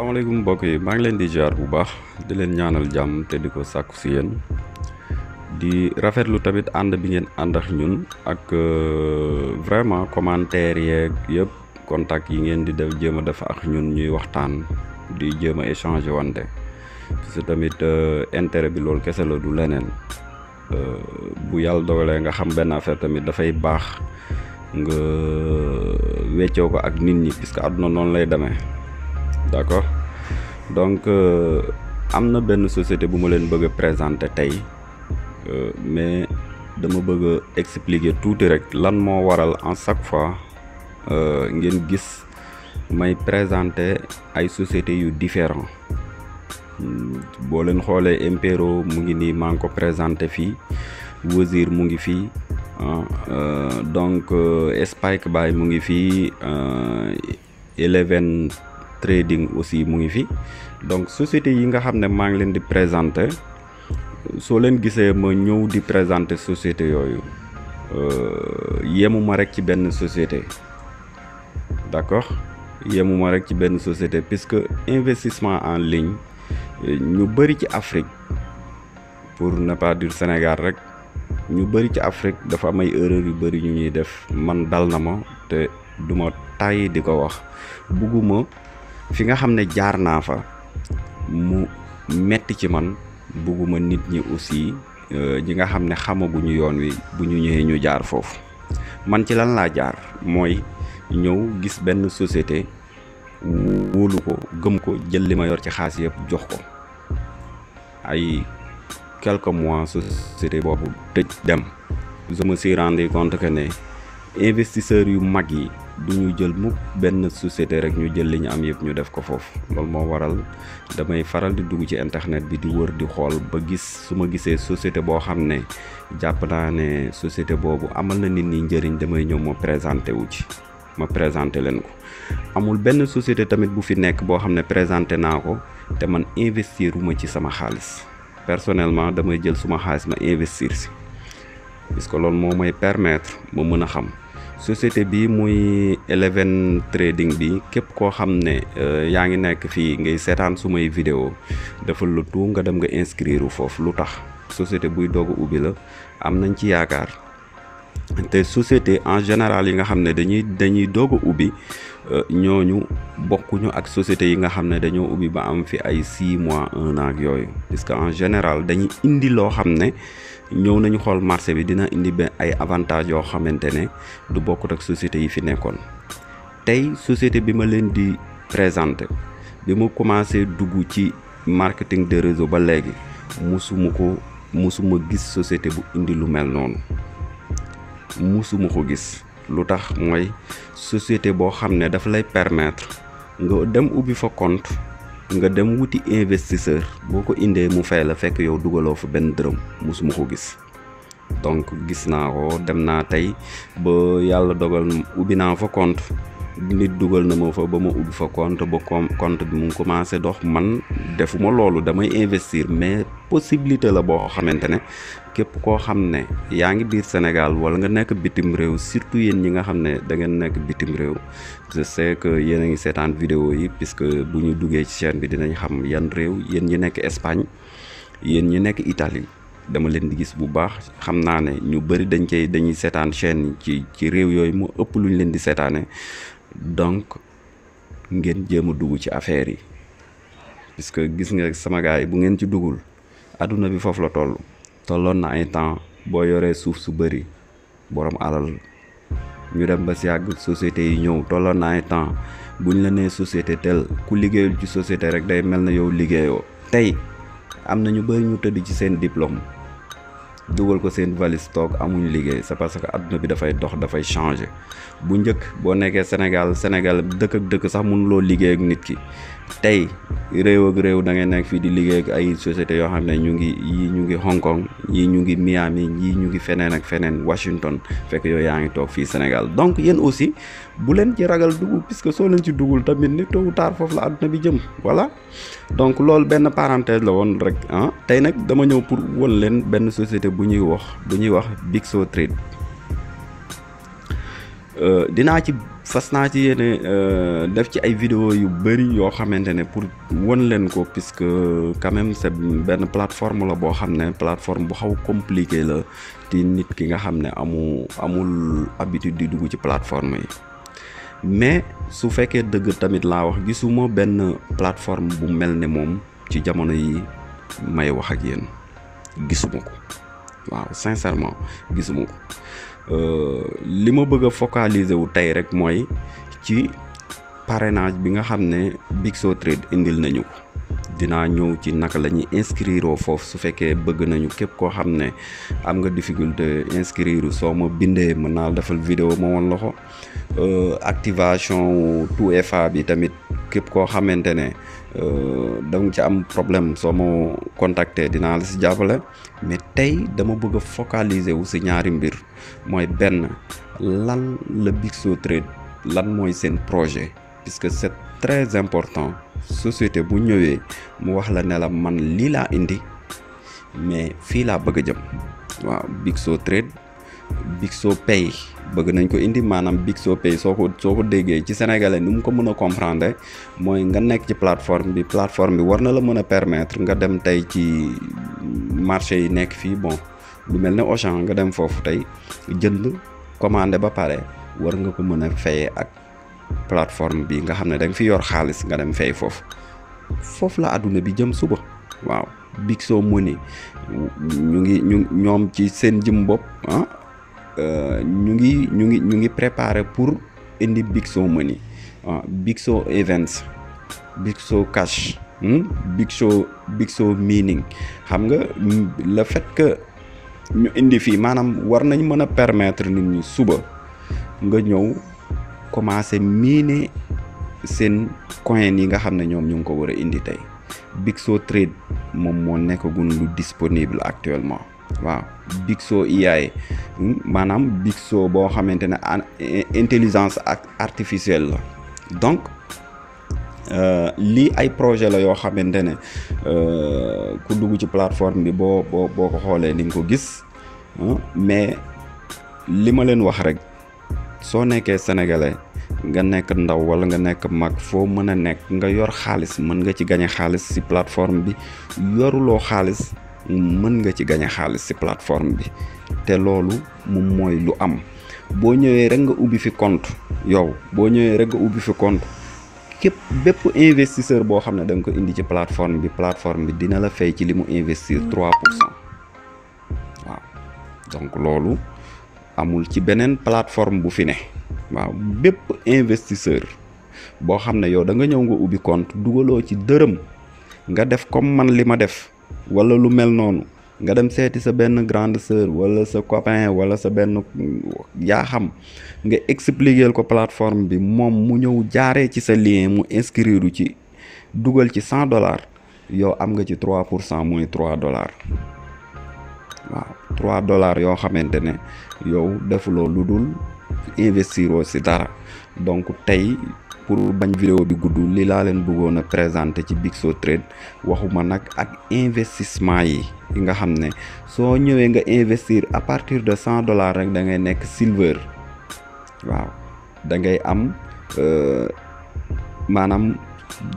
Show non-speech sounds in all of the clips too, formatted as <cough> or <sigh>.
salaamaaleykum mbokk yi maa ngi leen di jaar bu baax di leen ñaanal jàmm te di ko sàkku si yéen di rafetlu tamit ànd bi ngeen ànd ak ñun ak euh, vraiment commentaire yeeg yëpp contact yi ngeen di def jéem a def ñun ñuy waxtaan di jéem a échanger wante parce que tamit euh, intérêt bi loolu kese la du leneen euh, bu yàlla dogalee nga xam benn affaire tamit dafay baax nga weccoo ko ak nit ñi puisque àdduna noonu lay demee. d'accord donc euh, am na benn société bu ma leen bëgg a présenter tey euh, mais dama bëgg a expliquer tuuti rek lan moo waral en chaque fois euh, ngeen gis may présenter ay sociétés yu différent hmm, boo leen xoolee Impero mu ngi nii maa ngi ko présenté fii Wazir mu ngi fii ah, donc Spike Bay mu ngi fii Eleven trading aussi mu ngi fi donc société yi nga xam ne maa ngi leen di présenter soo leen gisee ma ñëw di présenter société yooyu euh, yemuma rek ci benn société d'accord yemuma rek ci benn société puisque investissement en ligne ñu bëri ci Afrique pour ne pas Sénégal rek ñu bëri ci Afrique dafa may ay yu bëri ñu ñuy def man dal na ma te duma tàyyi di ko wax bugguma fi nga xam ne jaar naa fa mu metti ci man bëgguma nit ñi aussi euh, ñi nga xam ne xamaguñu yoon wi bu ñu ñëwee ñu jaar foofu man ci lan laa jaar mooy ñëw gis benn société wóolu ko gëm ko jël li ma yor ci xaalis yëpp jox ko ay quelques mois société boobu tëj dem je me suis rendu compte ne investisseurs yu mag yi du ñu jël mukk benn société rek ñu jël li ñu am yëpp ñu def ko foofu loolu moo waral damay faral di dugg ci internet bi di wër di xool ba gis su ma gisee société boo xam ne jàpp naa ne société boobu amal na nit ñi njëriñ damay ñëw ma présenté wu ci ma présenté leen ko amul benn société tamit bu fi nekk boo xam ne présenté naa ko te man investir ma ci sama xaalis personnellement damay jël suma xaalis ma investir si parce que loolu moo may permettre ma mën a xam société bi muy Eleven Trading bi képp koo xam ne euh, yaa ngi nekk fii ngay seetaan sumay vidéo dafa lu tu nga dem nga inscrire foofu lu tax société buy doog ubbi la am nañ ci yaakaar te société en général yi nga xam ne dañuy dañuy doog a ubbi Euh, ñooñu bokkuñu ak société yi nga xam ne dañoo ubbi ba am fi ay six mois un an yooyu parce en général dañu indi loo xam ne ñëw nañu xool marché bi dina indi benn ay avantages yoo xamante ne du bokkut ak société yi fi nekkoon tey société bi ma leen di présenter bi ma commencé dugg ci marketing de réseau ba léegi musuma ko mosuma gis société bu indi lu mel noonu mosuma ko gis lu tax mooy société boo xam ne dafa lay permettre nga dem ubbi fa compte nga dem wuti investisseur boo ko indee mu fay la fekk yow dugaloo fa benn dërëm mosuma ko gis donc gis naa ko dem naa tey ba yàlla dogal ubbi naa fa compte nit dugal na ma fa ba ma ubbi fa compte ba compte bi mu commencé dox man defuma loolu damay investir mais possibilité la boo xamante ne képp koo xam ne yaa ngi biir Sénégal wala nga nekk bitim réew surtout yéen ñi nga xam ne da ngeen nekk bitim réew je yéen a ngi seetaan vidéo yi puisque bu ñu duggee ci chaîne bi dinañ xam yan réew yéen ñi nekk Espagne yéen ñi nekk Italie dama leen di gis bu baax xam naa ne ñu bëri dañ cay dañuy seetaan chaîne ci ci réew yooyu mu ëpp lu ñu leen di seetaane donc ngeen jéem a dugg ci affaire yi puisque gis nga sama gars yi bu ngeen ci duggul adduna bi foofu la toll tolloon na ay temps boo yoree suuf su bëri borom alal ñu dem ba si àgg société yi ñëw tolloon na ay temps bu buñ la nee société tel ku liggéeyul ci société rek day mel na yow liggéeyoo tey am na ñu bëri ñu tëdd ci seen diplôme dugal ko seen valis toog amuñu liggéey c'est parce que adduna bi dafay dox dafay changer bu njëkk boo nekkee Sénégal Sénégal dëkk ak dëkk sax mënuloo liggéey ak nit ki tey réew réew da ngay nekk fii di liggéey ak ay société yoo xam ne ñu ngi yii ñu ngi Hong Kong yii ñu ngi Miami yii ñu ngi feneen ak feneen Washington fekk yooyu yaa ngi toog fii Sénégal donc yéen aussi bu leen ci ragal dugg puisque soo leen ci duggul tamit ni tôt taar foofu la àdduna bi jëm voilà donc loolu benn parenthèse la woon rek ah tey nag dama ñëw pour won leen benn société bu ñuy wax bu ñuy wax Bigso Trade Euh, dinaa ci fas naa ci yéene euh, def ci ay vidéo yu bëri yoo xamante ne pour won leen ko puisque quand même c'est benn plateforme la boo xam ne plateforme bu xaw compliqué la ci nit ki nga xam ne amu amul habitude di dugg ci plateforme yi mais su fekkee dëgg tamit laa wax gisuma benn plateforme bu mel ne moom ci jamono yi may wax ak yéen gisuma ko waaw sincèrement gisuma ko Euh, li ma bëgg a wu tey rek mooy ci parenage bi nga xam ne Bigso Trade indil nañu ko dinaa ñëw ci naka la ñuy inscrire foofu su fekkee bëgg nañu képp koo xam ne am nga difficulté inscrire soo ma bindee mën naa defal vidéo ma woon loxo euh, activation 2FA bi tamit képp koo xamante ne Euh, danga ci am problème soo ma contacter dinaa la si jàppale mais tey dama bëgg a focaliser wu si ñaari mbir mooy benn lan la Bigso Trade lan mooy seen projet puisque c'est très important société bu ñëwee mu wax la ne man lii laa indi mais fii laa bëgg a jëm waaw Bigso Trade soo Pay bëgg nañ ko indi maanaam Bixo Pay soo ko soo ko déggee ci sénégalais ni mu ko mën a comprendre mooy nga nekk ci plateforme bi plateforme bi war na la mën a permettre nga dem tey ci marché yi nekk fii bon lu mel ne Auchan nga dem foofu tey jënd commandé ba pare war nga ko mën a fayee ak plateforme bi nga xam ne danga fi yor xaalis nga dem fay foofu foofu la àdduna bi jëm suba waaw Bixo Money ñu ngi ñu ñoom ci seen jëm bopp ah, Euh, ñu ngi ñu ngi ñu ngi préparer pour indi Big Show Money waaw ah, Big Show Events Big Show Cash hmm? Big Show Big Show Meaning xam nga mm, le fait que ñu indi fii maanaam war nañ mën a permettre nit ñu suba nga ñëw commencé miine seen coin yi nga xam ne ñoom ñu ngi ko war a indi tey Big Show Trade moom moo nekkagun lu disponible actuellement waaw big so AI maanaam big so boo xamante ne intelligence artificielle la donc euh, lii ay projet la yoo xamante ne euh, ku dugg ci plateforme bi boo boo boo ko xoolee ni nga ko gis mais li ma leen wax rek soo nekkee sénégalais nga nekk ndaw wala nga nekk mag foo mën a nekk nga yor xaalis mën nga ci gañe xaalis ci plateforme bi yoruloo xaalis mën nga ci gañ a xaalis si plateforme bi te loolu moom mooy lu am boo ñëwee rek nga ubbi fi compte yow boo ñëwee rek nga ubbi fi compte képp bépp investisseur boo xam ne da nga ko indi ci plateforme bi plateforme bi dina la fay ci li mu investir 3 mm. pour cent waaw donc loolu amul ci beneen plateforme bu fi ne waaw bépp investisseur boo xam ne yow da nga ñëw nga ubbi kont dugaloo ci dërëm nga def comme man li ma def wala lu mel noonu nga dem seeti sa benn grande sœur wala sa copain wala sa benn yaa xam nga expliquer ko plateforme bi moom mu ñëw jaaree ci sa lien mu inscrire ci dugal ci cent dollars yow am nga ci trois pour cent mooy trois dollars waaw trois dollars yoo xamante ne yow defuloo lu dul investiroo ci dara donc tey pour bañ vidéo bi gudd li laa leen bëggoon a présenter ci Bigso Trade waxuma nag ak investissement yi yi nga xam ne soo ñëwee nga investir à partir de cent dollars rek dangay nekk silver waaw da ngay am euh, maanaam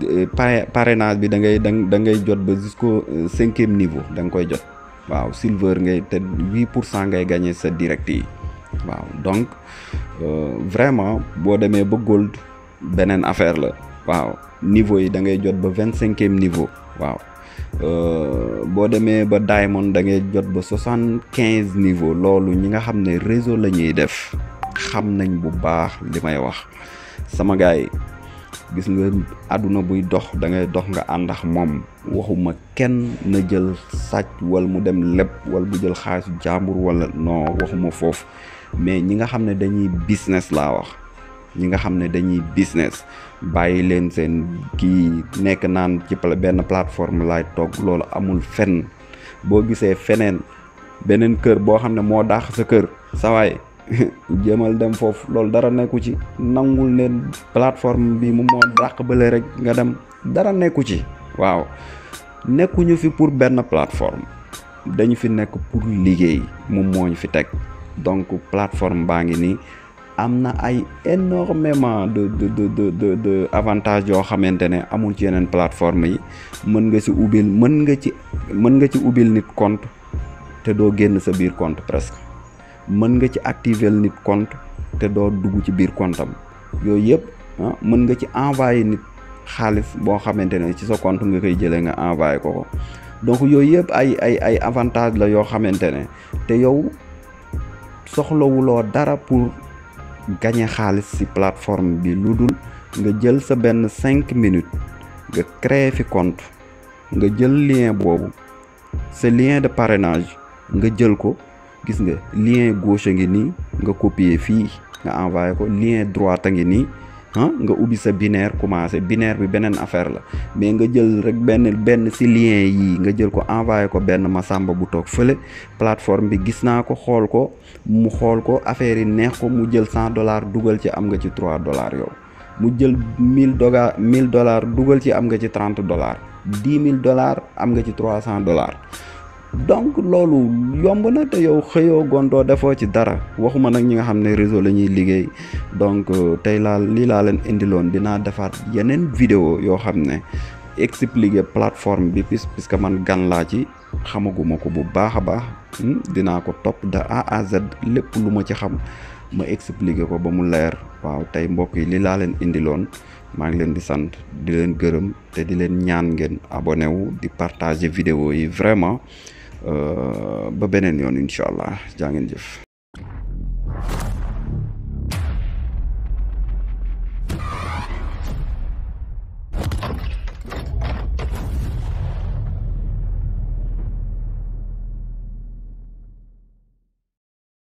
euh, pare parrainage bi da ngay da ngay jot ba jusqu'au euh, cinquième niveau da nga koy jot waaw silver ngay te huit pour cent ngay gagné sa direct yi waaw donc vraiment boo demee ba gold beneen affaire la waaw niveau yi da ngay jot ba vingt cinquième niveau waaw euh, boo demee ba diamond da ngay jot ba soixante quinze niveau loolu ñi nga xam ne réseau la ñuy def xam nañ bu baax li may wax sama gars yi gis nga àdduna buy dox da ngay dox nga àndax moom waxuma kenn na jël sàcc wal mu dem lépp wal mu jël xaalisu jàmbur wala non waxuma foofu mais ñi nga xam ne dañuy business laa wax ñi nga xam ne dañuy business bàyyi leen seen kii nekk naan ci benn plateforme laay toog loolu amul fenn boo gisee feneen beneen kër boo xam ne moo dàq sa kër sawaay <laughs> jëmal dem foofu loolu dara nekku ci nangul leen plateforme bi mu moo dàq bële rek nga dem dara nekku ci waaw nekkuñu fi pour benn plateforme dañu fi nekk pour liggéey moom moo ñu fi teg donc plateforme baa ngi nii am na ay énormément de de de de de avantage yoo xamante ne amul ci yeneen plateforme yi mën nga ci ubbil mën nga ci mën nga ci ubbil nit conte te doo génn sa biir compte presque mën nga ci activer nit compte te doo dugg ci biir compte yooyu yëpp ah, mën nga ci envoyé nit xaalis boo xamante ne ci sa compte nga koy jëlee nga envoyé ko ko donc yooyu yëpp ay ay ay avantage la yoo xamante ne te yow soxlawuloo dara pour gañe xaalis ci plateforme bi lu dul nga jël sa benn cinq minutes nga créer fi compte nga jël lien boobu sa lien de parrainage nga jël ko gis nga lien gauche a ngi nii nga copier fii nga envoyé ko lien droite a ngi nii ah nga ubbi sa binaire commencé binaire bi beneen affaire la mais nga jël rek benn benn si lien yii nga jël ko envoyé ko benn Masamba bu toog fële plateforme bi gis naa ko xool ko mu xool ko affaire yi neex ko mu jël cent dollars dugal ci am nga ci trois dollars yow mu jël mille doga mille dollars dugal ci am nga ci trente dollars dix mille dollars am nga ci trois cent dollars donc loolu yomb na te yow xëyoo gontoo defoo ci dara waxuma nag ñi nga xam ne réseau la ñuy liggéey donc euh, tey laa lii laa leen indiloon dinaa defaat yeneen vidéo yoo xam ne expliquer plateforme bi puis puisque man gan laa ci xamaguma ko bu baax a baax hmm? dinaa ko topp de A à lépp lu ma ci xam ma expliquer ko ba mu leer waaw tey mbokk yi li laa leen indiloon maa ngi leen di sant di leen gërëm te di leen ñaan ngeen abonné wu di partager vidéo yi vraiment ba beneen yoon incha allah jaa ngeen jëf